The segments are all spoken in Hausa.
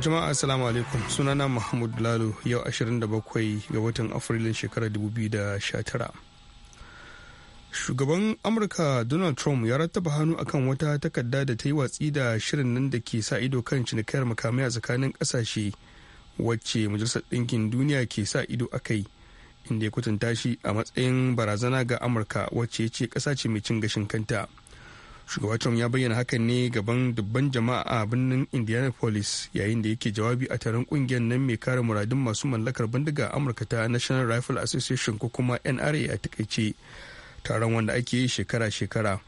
jama'a assalamu alaikum sunana mahmud lalo yau 27 ga watan afrilun shekarar 2019 shugaban amurka donald trump ya rattaba hannu akan wata takarda da ta yi watsi da shirin nan da ke sa ido kan cinikayar makamai a tsakanin kasashe wacce majalisar ɗinkin duniya ke sa ido a kai inda ya kwatanta shi a matsayin barazana ga amurka wacce ya ce ƙasa ce mai cin gashin kanta shugaba trump ya bayyana hakan ne gaban dubban jama'a a birnin indianapolis yayin da yake jawabi a taron kungiyar nan mai kare muradun masu mallakar bindiga amurka ta national rifle association ko kuma nra a takaice taron wanda ake yi shekara-shekara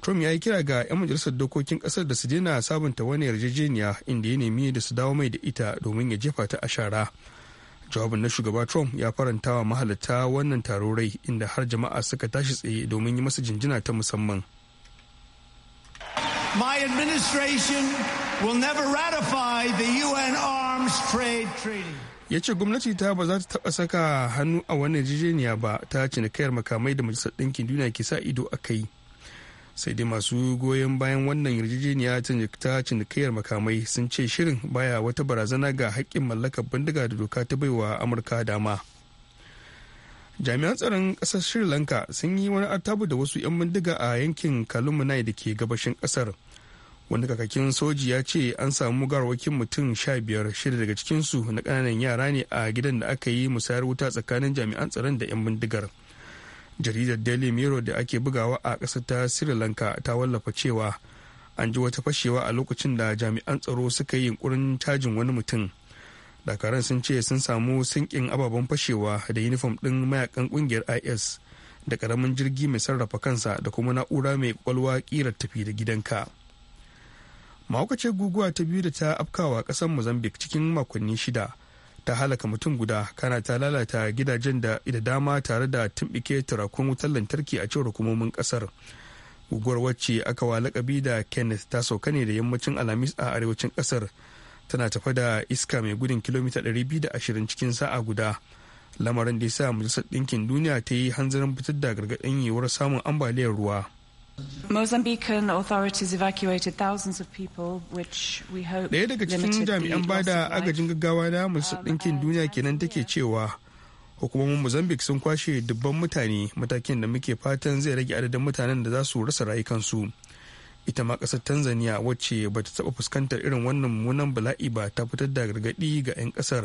trump ya yi kira ga 'yan majalisar dokokin kasar da su daina sabunta wani yarjejeniya inda ya nemi da su dawo mai da ita domin ya jefa ta a shara jawabin na shugaba trump ya faranta wa mahalarta wannan taro rai inda har jama'a suka tashi tsaye domin yi masa jinjina ta musamman my administration will never ratify the UN Arms Trade Treaty. ya ce gwamnati ta ba za ta taba saka hannu a wannan yarjejeniya ba ta cinikayar makamai da majalisar ɗinkin duniya ke sa ido a kai sai dai masu goyon bayan wannan yarjejeniya ta cinikayar makamai sun ce shirin baya wata barazana ga haƙƙin mallakar bindiga da doka ta baiwa amurka dama. jami'an tsaron ƙasar sri lanka sun yi wani artabu da wasu 'yan bindiga a yankin kalumunai da ke gabashin ƙasar wani kakakin soji ya ce an samu garwakin mutum sha biyar shida daga cikinsu na ƙananan yara ne a gidan da aka yi musayar wuta tsakanin jami'an tsaron da 'yan bindigar jaridar daily mirror da ake bugawa a ƙasar ta sri lanka ta wallafa cewa an ji wata fashewa a lokacin da jami'an tsaro suka yi yunkurin cajin wani mutum dakaran sun ce sun samu sinkin ababen fashewa da yunifom ɗin mayakan ƙungiyar is da ƙaramin jirgi mai sarrafa kansa da kuma na'ura mai kwalwa ƙirar tafi da gidanka mahaukacin guguwa ta biyu da ta afkawa ƙasar mozambique cikin makonni shida ta halaka mutum guda kana ta lalata gidajen da da dama tare da tumbike turakun wutar lantarki a cewar hukumomin ƙasar guguwar wacce aka wa lakabi da kenneth ta sauka ne da yammacin alhamis a arewacin ƙasar tana tafa da iska mai gudun kilomita 220 cikin sa'a guda lamarin da ya sa majalisar ɗinkin duniya ta yi hanzarin fitar da gargaɗin yiwuwar samun ambaliyar ruwa Daya daga cikin jami'an bada agajin gaggawa na Majalisar Ɗinkin Duniya kenan take cewa hukumomin Mozambique sun kwashe dubban mutane matakin da muke fatan zai rage adadin mutanen da za su rasa rayukansu. ita ma kasar tanzania wacce ba ta taba fuskantar irin wannan mummunan bala'i ba ta fitar da gargaɗi ga 'yan kasar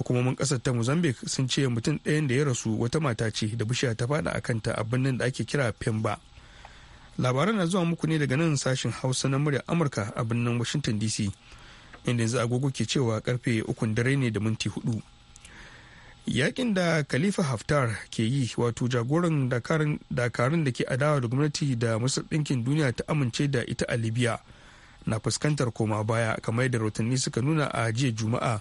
hukumomin kasar ta mozambique sun ce mutum ɗayan da ya rasu wata mata ce da bishiya ta fada a kanta a birnin da ake kira pemba labaran na zuwa muku ne daga nan sashen hausa na murya amurka a birnin washington dc inda yanzu agogo ke cewa karfe ukun dare ne da minti hudu yakin da khalifa haftar ke yi wato jagoran dakarun da ke adawa da gwamnati da masu ɗinkin duniya ta amince da ita a libya na fuskantar koma baya kamar yadda rahotanni suka nuna a jiya juma'a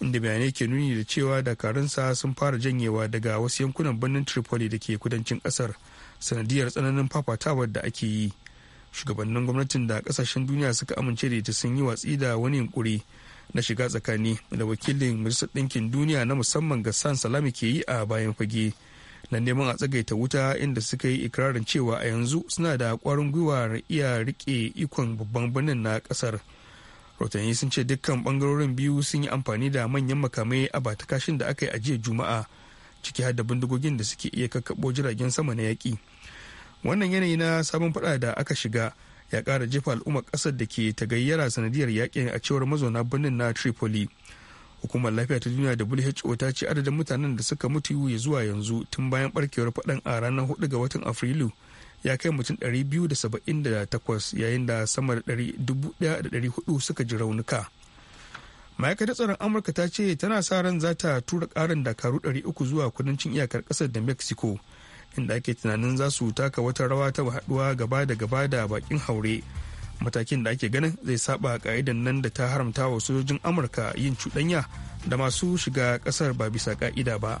inda bayanai ke nuni da cewa dakarunsa sun fara janyewa daga wasu yankunan birnin tripoli da ke kudancin kasar sanadiyar tsananin fafatawar da ake yi shugabannin gwamnatin da kasashen duniya suka amince da ita sun yi watsi da wani yunkuri na shiga tsakani da wakilin majalisar ɗinkin duniya na musamman ga san salami ke yi a bayan fage na neman a tsagaita wuta inda suka yi ikirarin cewa a yanzu suna da kwarin gwiwa iya rike ikon babban birnin na kasar rotanni sun ce dukkan bangarorin biyu sun yi amfani da manyan makamai a kashin da aka yi a juma'a ciki har da bindigogin da suke iya kakkaɓo jiragen sama na yaki wannan yanayi na sabon fada da aka shiga ya kara jefa al'ummar kasar da ke tagayyara sanadiyar yakin a cewar mazauna birnin na tripoli hukumar lafiya ta duniya who ta ce adadin mutanen da suka mutu ya zuwa yanzu tun bayan barkewar fadan a ranar 4 ga watan afrilu ya kai mutum 278 yayin da sama da 1,400 suka ji raunuka ma'aikatar tsaron amurka ta ce tana sa ran za ta tura karin dakaru 300 zuwa kudancin iyakar kasar da mexico inda ake tunanin za su taka wata rawa ta haɗuwa gaba da gaba da bakin haure matakin da ake ganin zai saba ka'idan nan da ta haramta wa sojojin amurka yin cuɗanya da masu shiga ƙasar ba bisa ka'ida ba.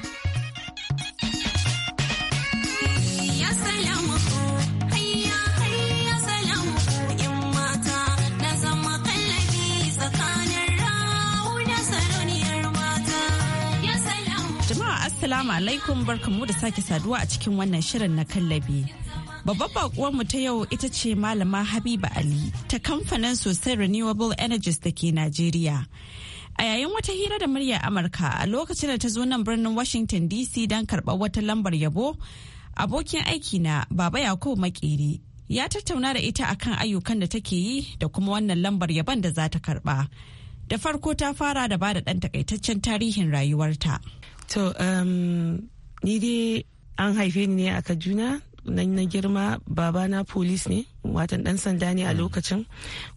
Assalamu alaikum barkamu da sake saduwa a cikin wannan shirin na kallabi. babban bakuwar mu ta yau ita ce Malama Habiba Ali ta kamfanin sosai Renewable Energies da ke Najeriya. A yayin wata hira da murya Amurka a lokacin da ta zo nan birnin Washington DC don karɓar wata lambar yabo, abokin aiki na Baba Yakubu Makeri ya tattauna da ita akan ayyukan da take yi da kuma wannan lambar yabon da za ta karɓa. Da farko ta fara da ba da ɗan takaitaccen tarihin rayuwarta. To, um, ni dai an haife ni ne a Kaduna nan na girma babana polis ne watan dan sanda ne a mm. lokacin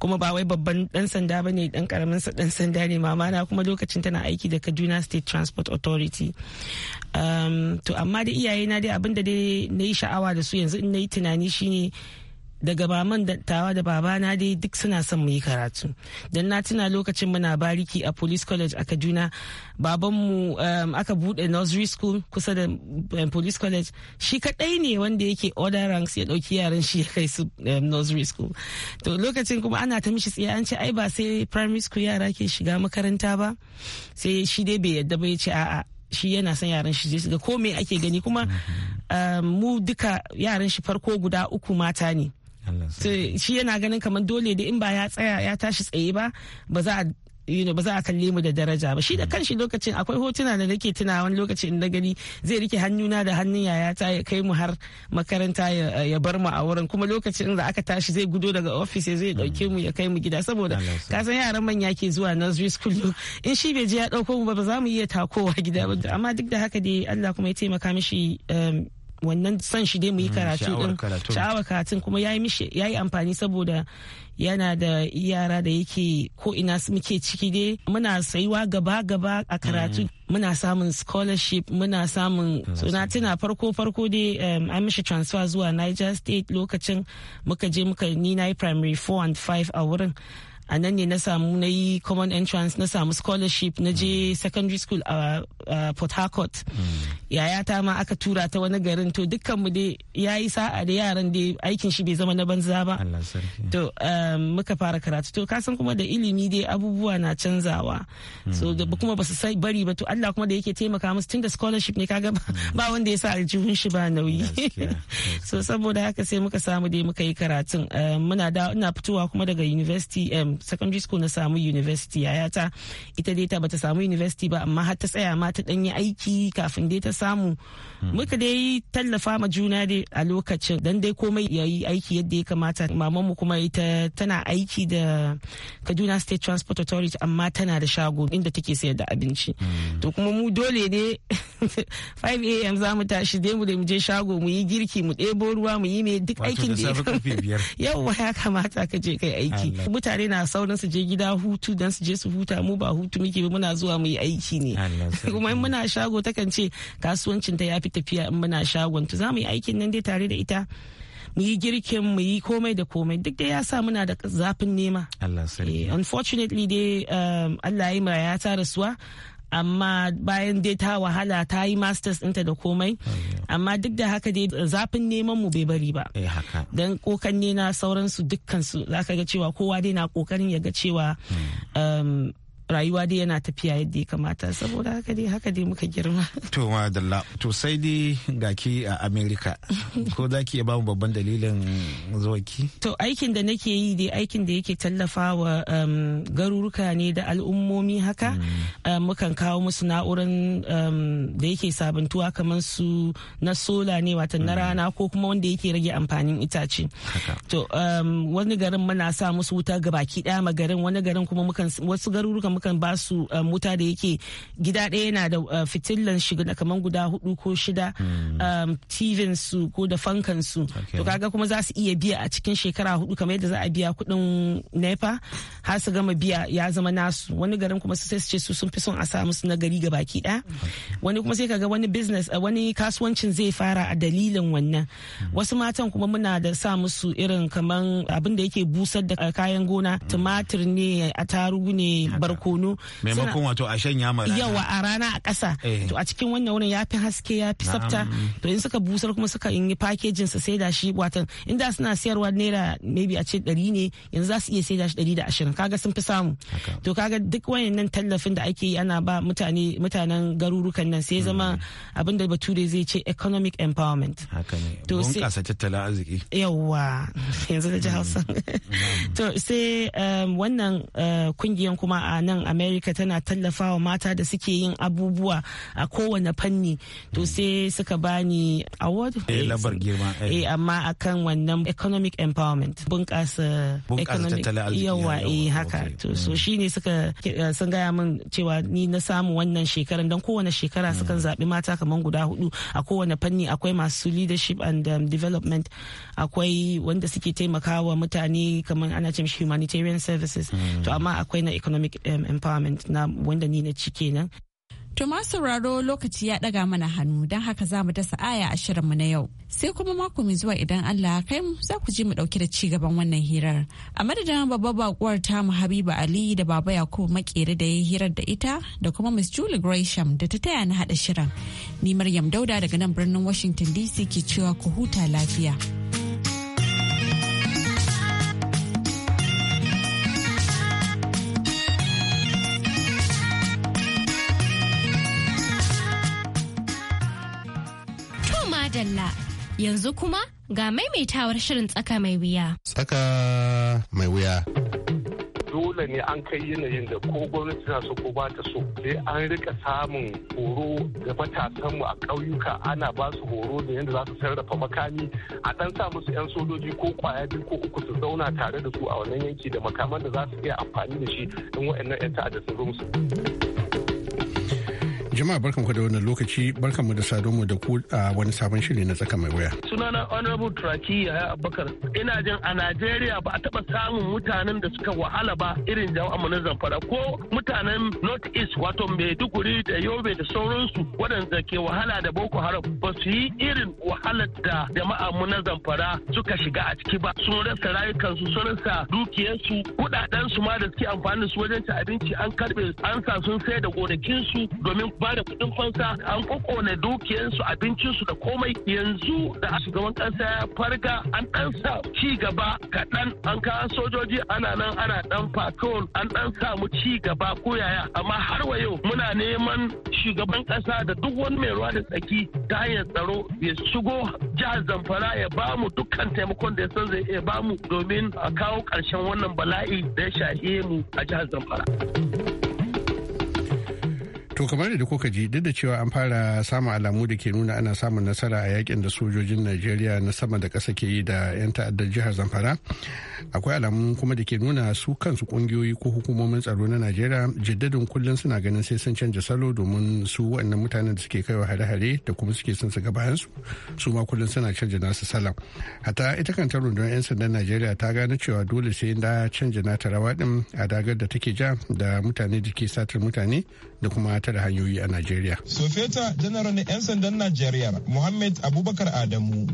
kuma ba wai babban dan sanda ba ne dan karamin dan sanda ne mamana kuma lokacin tana aiki da kaduna state transport authority um, to amma da iyayena dai abinda dai na yi sha'awa da su yanzu in na yi tunani shine daga maman dattawa da babana dai duk suna son mu yi karatu don na tuna lokacin muna bariki a police college a kaduna babanmu um, aka bude nursery school kusa da um, police college shi kadai ne wanda yake order ranks ya dauki yaran shi ya kai su um, nursery school to lokacin kuma ana ta mishi tsaye an ce ai ba sai primary school yara ke shiga makaranta ba sai shi dai bai yadda ba ya ce a'a shi yana son yaran shi je ga ko me ake gani kuma mm-hmm. mu duka yaran shi farko guda uku mata ne shi yana ganin kamar dole da in ba ya tsaya ya tashi tsaye ba ba za a ba za a kalle mu da daraja ba shi da kanshi lokacin akwai hotuna da nake tuna wani lokaci in na gani zai rike hannuna da hannun ta ya kai mu har makaranta ya bar mu a wurin kuma lokacin da aka tashi zai gudo daga ofis zai dauke mu ya kai mu gida saboda ka san yaran manya ke zuwa na nursery school in shi bai je ya dauko mu ba ba za mu iya takowa gida ba amma duk da haka dai Allah kuma ya taimaka mishi um, wannan san shi dai mu yi mm, karatu din sha'awar karatun kuma ya yi amfani saboda yana da yara da yake ko ina su muke ciki dai muna sayuwa gaba gaba a karatu mm. muna samun scholarship muna samun suna tuna farko farko dai um, an mishi transfer zuwa niger state lokacin muka je muka ni na yi primary 4 and 5 a wurin a nan ne na samu na yi common entrance na samu scholarship na je mm. secondary school a port harcourt mm. yayata ma aka tura ta wani garin to dukkanmu dai ya yi sa'a da yaran dai aikin shi bai zama na banza ba to um, muka fara karatu to kasan kuma da ilimi dai abubuwa na canzawa so mm. da kuma basu sai bari ba to Allah kuma da yake taimaka musu tun da scholarship ne kaga ba wanda ya sa aljihun shi ba nauyi so saboda haka sai muka samu dai muka yi karatun um, muna da ina fitowa kuma daga university um, secondary school na samu university Yaya ta ita dai ta bata samu university ba amma har ta tsaya ma ta danyi aiki kafin dai ta samu hmm. muka dai tallafa ma juna dai a lokacin dan dai komai yayi aiki yadda ya kamata mamanmu kuma ita tana aiki da Kaduna State Transport Authority amma tana da shago inda take sayar da abinci hmm. to kuma mu dole ne 5 am za mu tashi dai mu da mu je shago mu yi girki mu ɗebo ruwa mu yi mai duk aikin da ya ya kamata ka je kai aiki mutane na sauran su je gida hutu dan su je su huta mu ba hutu muke ba muna zuwa mu yi aiki ne kuma in muna shago takan ce kasuwancin ta yafi tafiya in muna shagon ta za mu yi aikin nan dai tare da ita mu yi girkin mu yi komai da komai duk da ya sa muna da zafin nema eh, unfortunately dai um, Allah ya yi ya tara rasuwa amma bayan dai ta wahala ta yi masters ɗinta da komai amma duk da haka dai zafin neman mu bai bari ba eh, don kokan ne na sauransu dukkansu ka ga cewa kowa dai na kokarin ya ga cewa hmm. um, rayuwa dai yana tafiya yadda ya kamata saboda haka dai haka dai muka girma to dalla to sai dai ga ki a Amerika. ko za ki iya bamu babban dalilin zuwa ki to aikin da nake yi dai aikin da yake tallafa wa um, garuruka ne da al'ummomi haka mm. um, mukan kawo musu na'uran um, da yake sabuntuwa kamar su na sola ne watan na mm. rana ko kuma wanda yake rage amfanin itace to wani garin muna sa musu wuta gabaki daya garin wani garin kuma mukan wasu garuruka mukan ba su eh, mota da yake gida ɗaya yana da eh, fitilan shiga kamar guda hudu ko shida hmm. um, tvn su ko da fankan su to kaga kuma za su iya biya a cikin shekara hudu kamar yadda za a biya kuɗin nepa har su gama biya ya zama nasu wani garin kuma su sai su ce su sun fi son a sa musu na gari ga baki ɗaya wani kuma sai kaga wani business eh, wani kasuwancin zai fara a dalilin wannan hmm. wasu matan kuma muna da sa musu irin kamar abin da yake busar da kayan gona hmm. tumatir ne a ne barko kono maimakon wato a shanya ma yawa a rana a ƙasa eh. to a cikin wannan wurin ya fi haske ya fi tsafta to in suka busar kuma suka in yi packaging su sai da shi watan inda suna sayarwa naira maybe a ce ɗari ne yanzu za su iya sai da shi ɗari da ashirin kaga sun fi samu to kaga duk wayannan tallafin da ake yi ana ba mutane mutanen garurukan nan sai zama mm. abin da bature zai ce economic empowerment to sai bunƙasa tattalin arziki yawa yanzu da ji mm. hausa mm. to sai um, wannan uh, kungiyan kuma a nan nan america tana tallafawa mata da suke yin abubuwa a kowane fanni to sai suka bani award eh, eh. eh amma akan wannan economic empowerment bunƙasa economic yawa eh haka to so mm. shine suka eh, sun gaya min cewa ni na samu wannan shekaran don kowane shekara mm. sukan zaɓi mata kamar guda hudu a kowane fanni akwai masu leadership and um, development akwai wanda suke taimakawa mutane kamar ana ce humanitarian services mm. to amma akwai na economic um, empowerment na wanda ni na ci kenan To ma sauraro lokaci ya ɗaga mana hannu don haka za mu dasa aya a shirinmu na yau. Sai kuma mako mai zuwa idan Allah kai mu za ku ji mu ɗauki da ci gaban wannan hirar. A madadin babbar bakuwar mu Habiba Ali da Baba Yakubu Makere da ya hirar da ita da kuma Miss Julie Gresham da ta taya na haɗa shirin. Ni Maryam Dauda daga nan birnin Washington DC ke cewa ku huta lafiya. madalla yanzu kuma ga maimaitawar shirin tsaka mai wuya. Tsaka mai wuya. dole ne an kai yanayin da ko gwamnati na so ko ba ta so sai an rika samun horo da matasanmu a ƙauyuka ana ba su horo da yadda za su sarrafa makami a ɗan sa musu 'yan sojoji ko kwaya biyu ko uku su zauna tare da su a wannan yanki da makaman da za su iya amfani da shi in waɗannan 'yan ta'adda sun zo musu. Jama'a barkanku da wannan lokaci barkanmu da sadonmu da wani sabon shiri na tsaka mai waya. Sunana Honorable Traki ya Abubakar ina jin a Najeriya ba a taba samun mutanen da suka wahala ba irin jama'a na Zamfara ko mutanen North East wato Maiduguri da Yobe da sauransu waɗanda ke wahala da Boko Haram ba su yi irin wahalar da jama'a mu na Zamfara suka shiga a ciki ba sun rasa rayukansu sun rasa dukiyarsu kuɗaɗensu ma da suke amfani da su wajen ci abinci an karɓe an sa sun sai da gonakinsu domin ba da kuɗin fansa an kokone dukiyarsu abincinsu da komai yanzu da shugaban ƙasa ya farga an ɗan sa ci gaba kaɗan an kawo sojoji ana nan ana ɗan patrol an ɗan samu ci gaba ko yaya amma har wa yau muna neman shugaban ƙasa da duk wani mai ruwa da tsaki ta hanyar tsaro ya shigo jihar zamfara ya ba mu dukkan taimakon da ya san zai iya ba mu domin a kawo ƙarshen wannan bala'i da ya shahe mu a jihar zamfara. To kamar da kuka ji duk da cewa an fara samun alamu da ke nuna ana samun nasara a yakin da sojojin Najeriya na sama da ƙasa ke yi da 'yan ta'addar jihar Zamfara. Akwai alamu kuma da ke nuna su kansu ƙungiyoyi ko hukumomin tsaro na Najeriya jaddadin kullum suna ganin sai sun canja salo domin su waɗannan mutanen da suke wa hare-hare da kuma suke son su ga bayan su su ma kullum suna canja nasu salam. Hata ita kanta rundunar 'yan sandan Najeriya ta gano cewa dole sai da canja nata rawa din a dagar da take ja da mutane da ke satar mutane da kuma da hanyoyi a Najeriya. Sofeta janaral na 'yan sandan Najeriya Muhammad Abubakar Adamu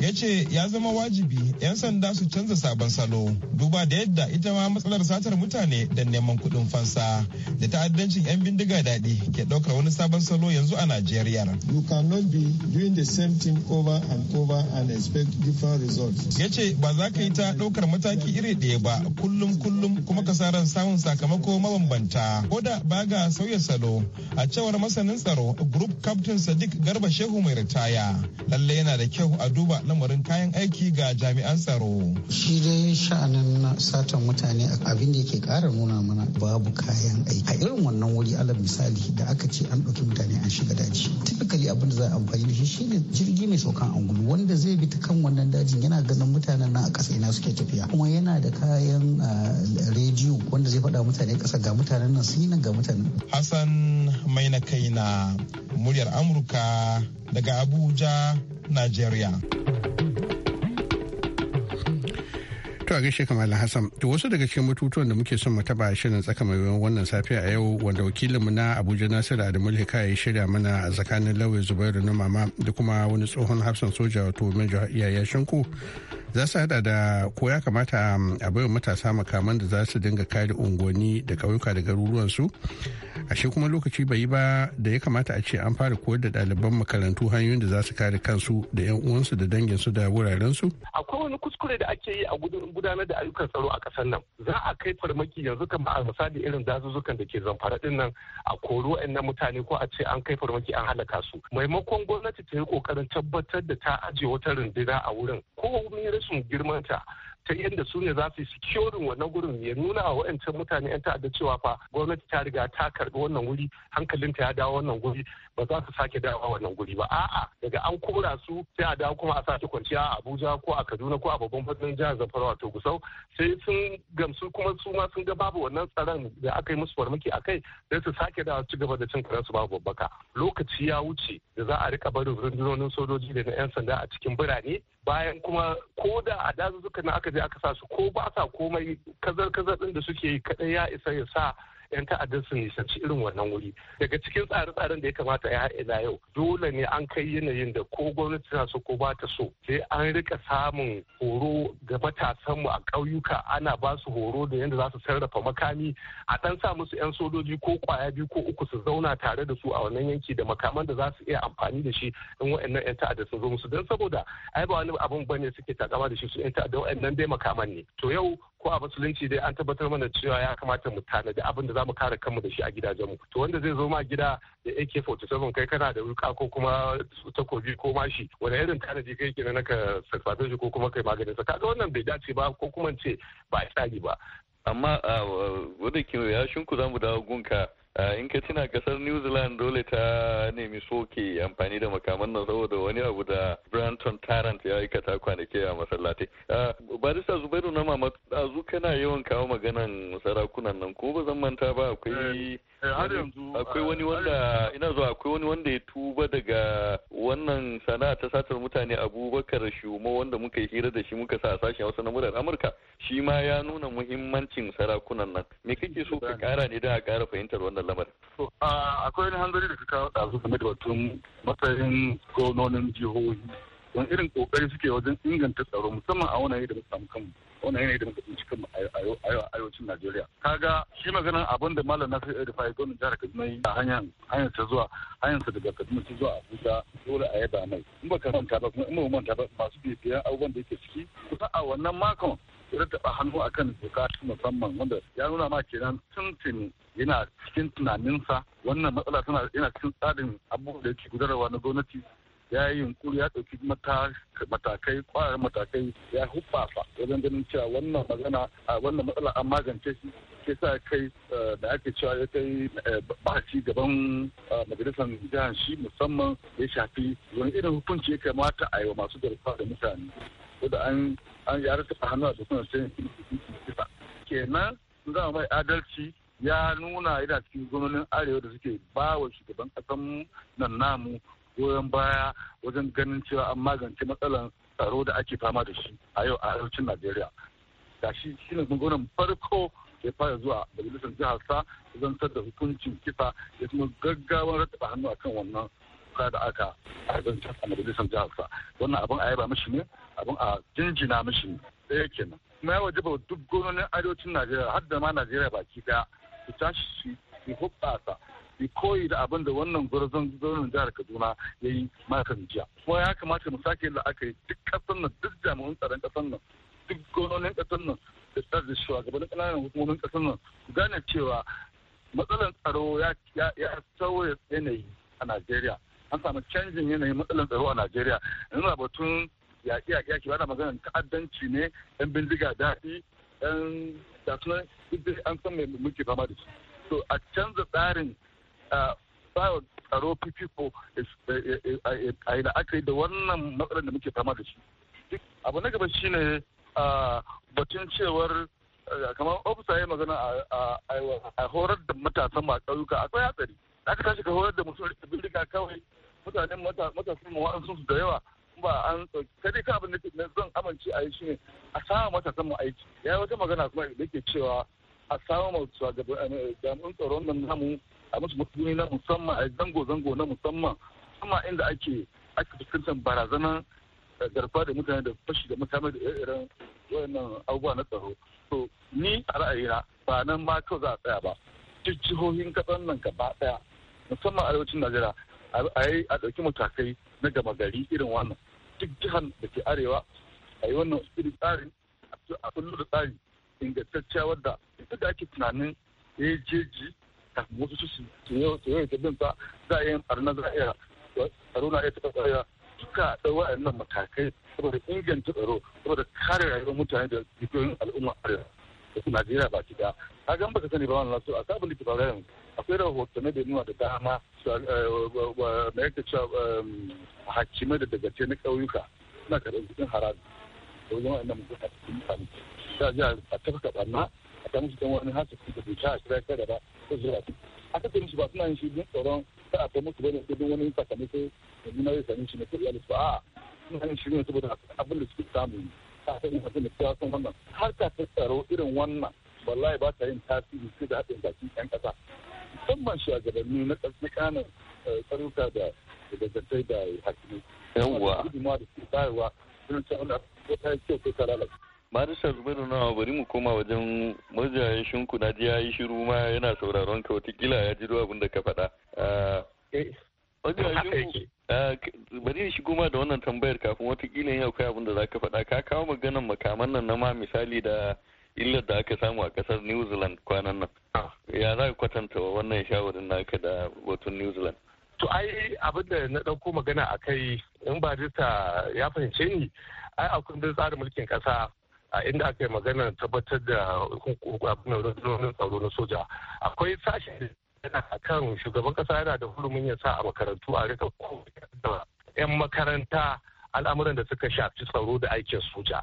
ya ce ya zama wajibi 'yan sanda su canza sabon salo duba da yadda ita ma matsalar satar mutane da neman kuɗin fansa da ta'addancin 'yan bindiga daɗi ke ɗaukar wani sabon salo yanzu a Najeriya. You cannot be doing the same thing over and over and expect different results. Ya ce ba za ka yi ta ɗaukar mataki iri ɗaya ba kullum kullum kuma ka samun sakamako mabambanta ko da ba ga sauya salo a cewar masanin tsaro group captain sadiq garba shehu mai ritaya lalle yana da kyau a duba lamarin kayan aiki ga jami'an tsaro shi dai sha'anin satan mutane abin da yake kara nuna mana babu kayan aiki a irin wannan wuri alal misali da aka ce an ɗauki mutane an shiga daji typically abin da za a amfani da shi shine jirgi mai saukan angulu wanda zai bi ta kan wannan dajin yana ganin mutanen nan a ƙasa ina suke tafiya kuma yana da kayan ah, rediyo wanda zai faɗa mutane kasa ga mutanen nan sun yi nan ga mutanen hassan Hassan mai na kai na muryar Amurka daga Abuja, Najeriya. To a gaishe kamar Hassan, to wasu daga cikin mututuwan da muke son mu taba shirin tsaka mai wannan safiya a yau wanda wakilinmu na Abuja Nasiru Adamu Lika ya shirya mana a tsakanin Lawai Zubairu na Mama da kuma wani tsohon hafsan soja wato Major Yaya Shanku za su hada da ko ya kamata um, a baiwa matasa makaman da za su dinga kare unguwanni da kauyuka da garuruwansu ashe kuma lokaci bai yi ba da ya kamata a ce an fara koyar da ɗaliban makarantu hanyoyin da za su kare kansu da yan uwansu da danginsu da wurarensu? akwai wani kuskure da ake yi a gudanar da ayyukan tsaro a ƙasar nan za a kai farmaki yanzu kan a misali irin dazuzzukan da ke zamfara din nan a koro na mutane ko a ce an kai farmaki an halaka su maimakon gwamnati ta yi kokarin tabbatar da ta ajiye wata runduna a wurin ko rashin girmanta ta yadda su ne za su yi securing wannan gurin ya nuna wa wa'ancan mutane 'yan ta'adda cewa fa gwamnati ta riga ta karbi wannan wuri ta ya dawo wannan guri ba za su sake dawo wannan guri ba a'a daga an kora su sai a dawo kuma a sake kwanciya a Abuja ko a Kaduna ko a babban birnin jihar Zamfara wato Gusau sai sun gamsu kuma su ma sun ga babu wannan tsaron da aka yi musu farmaki a kai sai su sake dawo ci gaba da cin karansu babu babbaka lokaci ya wuce da za a rika barin rundunonin sojoji da na 'yan sanda a cikin birane bayan kuma ko da a dazuzzuka na aka je aka sa su ko ba sa komai kazar kazar din da suke yi kadai ya isa ya sa 'yan ta'addar su nisanci irin wannan wuri daga cikin tsare-tsaren da ya kamata ya haɗe yau dole ne an kai yanayin da ko gwamnati na so ko ba ta so sai an rika samun horo ga matasanmu a ƙauyuka ana ba su horo da yadda za su sarrafa makami a ɗan sa musu 'yan sojoji ko kwaya biyu ko uku su zauna tare da su a wannan yanki da makaman da za su iya amfani da shi in wa'annan 'yan ta'adda sun zo musu don saboda ai ba wani abun bane suke takama da shi su 'yan ta'adda wa'annan dai makaman ne to yau ko a musulunci dai an tabbatar mana cewa ya kamata mu tanadi abin da za mu kare kanmu da shi a gidajenmu to wanda zai zo ma gida da AK47 kai kana da wuka ko kuma takobi ko mashi wani irin tanaji kai kenan naka sarfafe shi ko kuma kai maganin sa kaga wannan bai dace ba ko kuma ce ba a tsari ba amma ah, wadda ya shinku za dawo gunka Eh, in ka tuna kasar new zealand dole ta nemi soke amfani da makaman nan saboda wani abu da branton tarrant ya aikata kwanaki a masallatai eh, barista zubairu na mamat dazu kana yawan kawo maganan sarakunan nan ko ba zan manta ba akwai Eh, akwai eh, wani wanda zuwa akwai wani wanda ya tuba daga wannan sana'a ta satar mutane abubakar shumo wanda muka yi hira da shi muka sa a sashen wasu na murar amurka shi ma ya nuna muhimmancin sarakunan nan me kake so ka kara ne da a kara fahimtar wannan lamarin akwai wani hanzari da ka kawo ɗazu game da batun matsayin gononin jihohi wani irin kokari suke wajen inganta tsaro musamman a wani da muka samu kanmu wannan yanayi da muka tsinci kan arewacin Najeriya. Kaga shi maganar abin da Malam Nasir El Rufai gwamnan jihar Kaduna yi a hanyar hanyar ta zuwa hanyar sa daga Kaduna ta zuwa Abuja dole a yaba mai. In ba ka manta ba kuma in ba manta ba masu bibiyan abubuwan da yake ciki kusa a wannan makon ya taɓa hannu akan doka musamman wanda ya nuna ma kenan tuni yana cikin tunaninsa wannan matsala tana yana cikin tsarin abubuwan da yake gudanarwa na gwamnati ya yi yunkuri ya ɗauki matakai kwayar matakai ya huffafa wajen ganin cewa wannan magana a wannan matsala an magance shi ke sa kai eh, da ake cewa ya kai baci eh, gaban eh, majalisar jihar shi musamman ya shafi wani irin hukunci ya kamata a yi wa masu garfa da mutane Ko da an an ya hannu a dukkan sai kenan za zama mai adalci ya nuna yana cikin gwamnonin arewa da suke ba wa shugaban kasan nan namu goyon baya wajen ganin cewa an magance matsalar tsaro da ake fama da shi a yau a arewacin najeriya ga shi shi ne gungunan farko ya fara zuwa da majalisar jihar sa zantar da hukuncin kisa ya kuma da rattaba hannu akan wannan kuka da aka zantar a majalisar jihar sa wannan abin a yaba mishi ne abin a jinjina mishi ne ɗaya kenan kuma ya wajaba duk gononin arewacin najeriya har da ma najeriya baki daya su tashi su hoɓɓasa yi koyi da abin da wannan gwarzon zonin jihar kaduna ya yi makon jiya kuma ya kamata mu sake la'akari duk kasan nan duk jami'an tsaron kasan nan duk gononin kasan nan da da shugabannin kananan hukumomin kasan nan gane cewa matsalar tsaro ya sauya yanayi a najeriya an samu canjin yanayi matsalar tsaro a najeriya yanzu batun yaƙi-yaƙi ba bada magana ta'addanci ne yan bindiga daɗi yan suna an san mai muke fama da su to a canza tsarin ba tsaro fifiko a yi la'akari da wannan matsalar da muke fama da shi abu na gaba shine batun cewar kamar ofisa ya magana a horar da matasan ma ƙauyuka akwai da aka tashi ka horar da musu da bindiga kawai mutanen matasan ma wa'ansu su da yawa ba an kadai ka abin da zan amince a yi shine a samu matasan mu aiki ya wata magana kuma da ke cewa a samu masu jami'an tsaron nan namu a musu mutuni na musamman a zango-zango na musamman kuma inda ake ake fuskantar barazanar eh, garfa da mutane da fashi da mutane da irin wayannan abubuwa na tsaro to ni a ra'ayina ba nan ma kawai za a tsaya ba jihohin kasan nan gaba daya musamman arewacin najeriya a yi a ɗauki matakai na gama gari irin wannan duk jihar da ke arewa a yi wannan irin tsarin a kullum da tsari ingantacciya wadda duk da ake tunanin ya jeji kafin wasu su bin za a yi barna za a iya tsaro taɓa tsaya duka da wa'annan matakai saboda inganta tsaro saboda kare rayuwar mutane da dukiyoyin al'umma arewa da su najeriya baki a gan baka sani ba wannan a sabon da ke faruwa yanzu akwai da nuna da dama na yadda cewa um, da na ƙauyuka suna karɓar da wajen wa'annan mutane a cikin mutane sai a tafka a ta musu wani hasu da bai ta shirar kada ba ko zuwa su aka ce musu ba suna yin shi don tsoron ta a kai musu bane ko don wani sakamako da nuna zai sami shi na ko iyali ba a suna yin shi ne saboda abin da suke samu ta ta yi mutum da cewa sun wannan har ta ta tsaro irin wannan wallahi ba ta yin tasiri sai da haɗin bakin 'yan ƙasa musamman shugabanni na ƙananan eh, tsaruka da dangantai da hakimi. Yawwa. da suke bayarwa don cewa wani ta yi kyau ko ta lalace. Marisa Zubairu nawa bari mu koma wajen murjayen shinku na ji ya yi shiru ma yana sauraron ka watakila ya ji abin da ka faɗa. Eh. Eh, eh, bari ya shigo ma da wannan tambayar kafin watakila yin akwai abin da za ka faɗa ka kawo maganan makaman nan na ma misali da illar da aka samu a kasar New Zealand kwanan nan. Ah. Ya za ka kwatanta wannan shawarin naka da batun New Zealand? To ai abin da na ɗauko magana a kai in ba ya fahimce ni ai akwai kundin tsarin mulkin ƙasa a inda aka yi magana tabbatar da rundunonin tsaro na soja akwai sashi yana a kan shugaban kasa yana da hulumin ya sa a makarantu a rika da 'yan makaranta al'amuran da suka shafi tsaro da aikin soja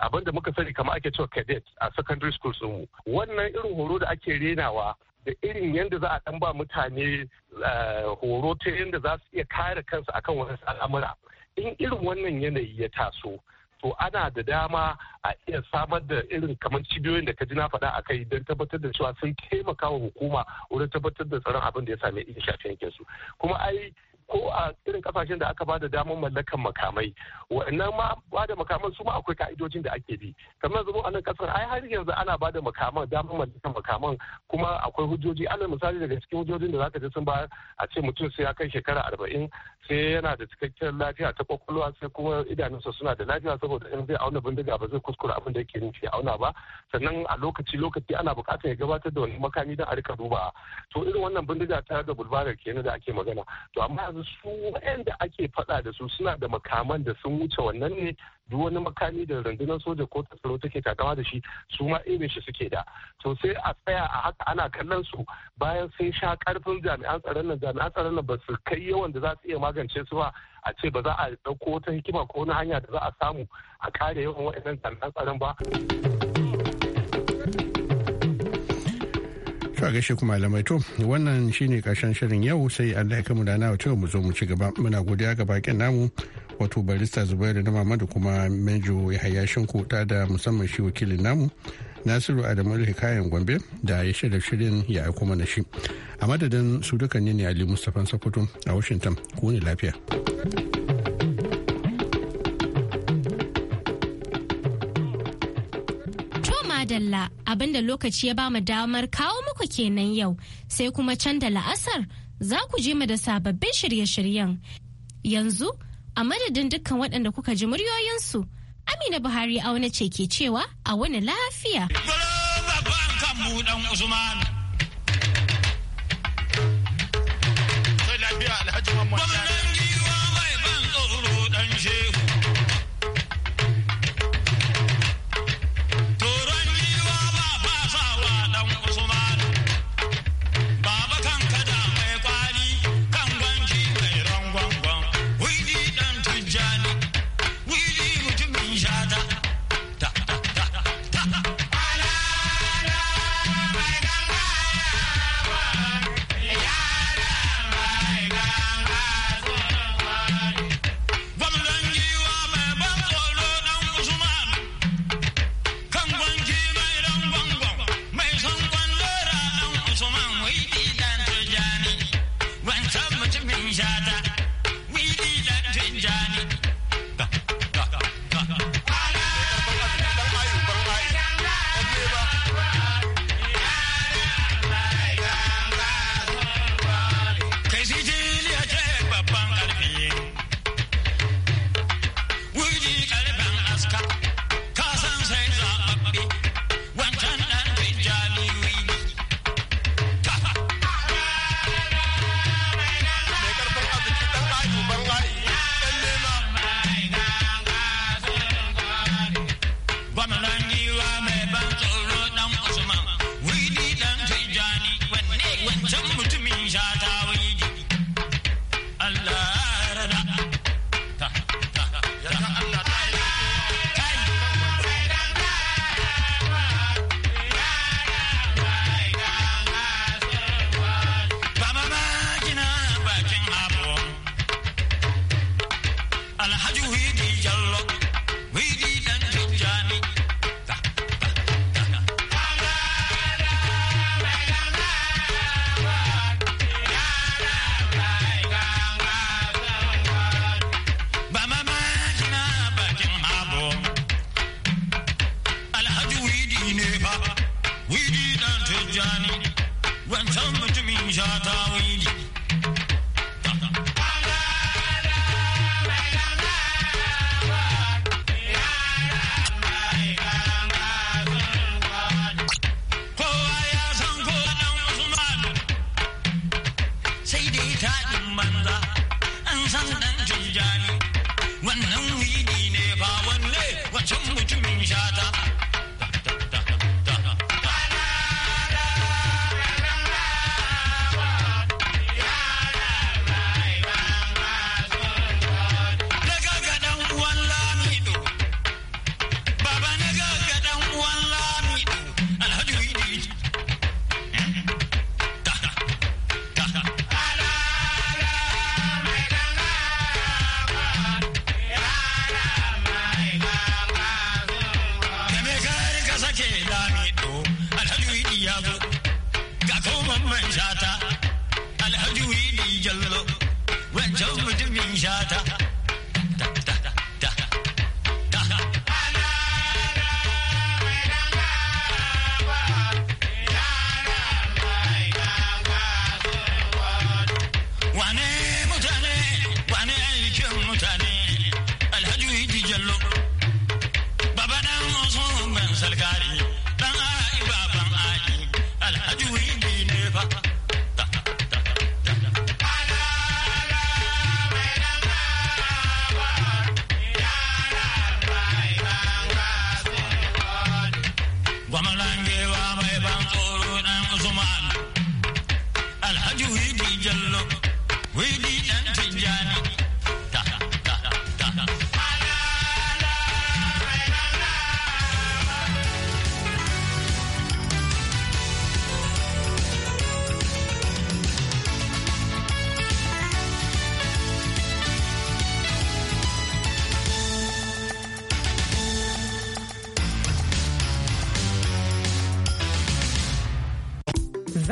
abin da muka sani kama ake cewa cadet a secondary school mu wannan irin horo da ake renawa da irin yadda za a dan ba mutane eh, horo ta yadda za su iya kare kansu akan wasu al'amura in irin wannan yanayi ya taso to ana da dama a iya samar da irin kamar cibiyoyin da ka ji na faɗa a kai don tabbatar da cewa sun taimaka wa hukuma wurin tabbatar da tsaron abin da ya same in shafi yankinsu. kuma ai ko a irin kasashen da aka bada damar mallakan makamai wa'annan ma bada makaman su ma akwai ka'idojin da ake bi kamar zama a nan kasar ai har yanzu ana bada makaman damar mallakan makaman kuma akwai hujjoji alal misali daga cikin hujjojin da za zaka ji sun ba a ce mutum sai ya kai shekara arba'in sai yana da cikakken lafiya ta kwakwalwa sai kuma idanunsa suna da lafiya saboda in zai auna bindiga ba zai kuskura abin da yake nufi auna ba sannan a lokaci lokaci ana buƙatar ya gabatar da wani makami don a rika duba to irin wannan bindiga ta da bulbarar kenan da ake magana to amma yanzu su da ake faɗa da su suna da makaman da sun wuce wannan ne duk wani makami da rundunar soja ko ta tsaro take takama da shi su ma irin shi suke da to sai a tsaya a haka ana kallon su bayan sun sha karfin jami'an tsaron nan jami'an tsaron nan ba su kai yawan da za su iya magance su ba a ce ba za a ɗauko wata hikima ko wani hanya da za a samu a kare yawan waɗannan jami'an tsaron ba. To a gaishe kuma malamai to wannan shine karshen shirin yau sai Allah ya kamu da na mu zo mu ci gaba muna godiya ga bakin namu wato barista Zubairu na mamadu kuma Mejo Yahaya Shinku ta da musamman shi wakilin namu Nasiru Adamu Hikayen Gombe da ya shirya shirin ya aiko mana shi. A madadin su dukkan ne Ali Mustapha Sokoto a Washington ku ne lafiya. madalla abinda lokaci ya ba damar kawo muku kenan yau sai kuma can da la'asar za ku je mu da sababbin shirye-shiryen. Yanzu a madadin dukkan waɗanda kuka ji muryoyinsu Amina Buhari auna ce ke cewa a wani lafiya. Gwamnan giwa mai ban tsoro shehu.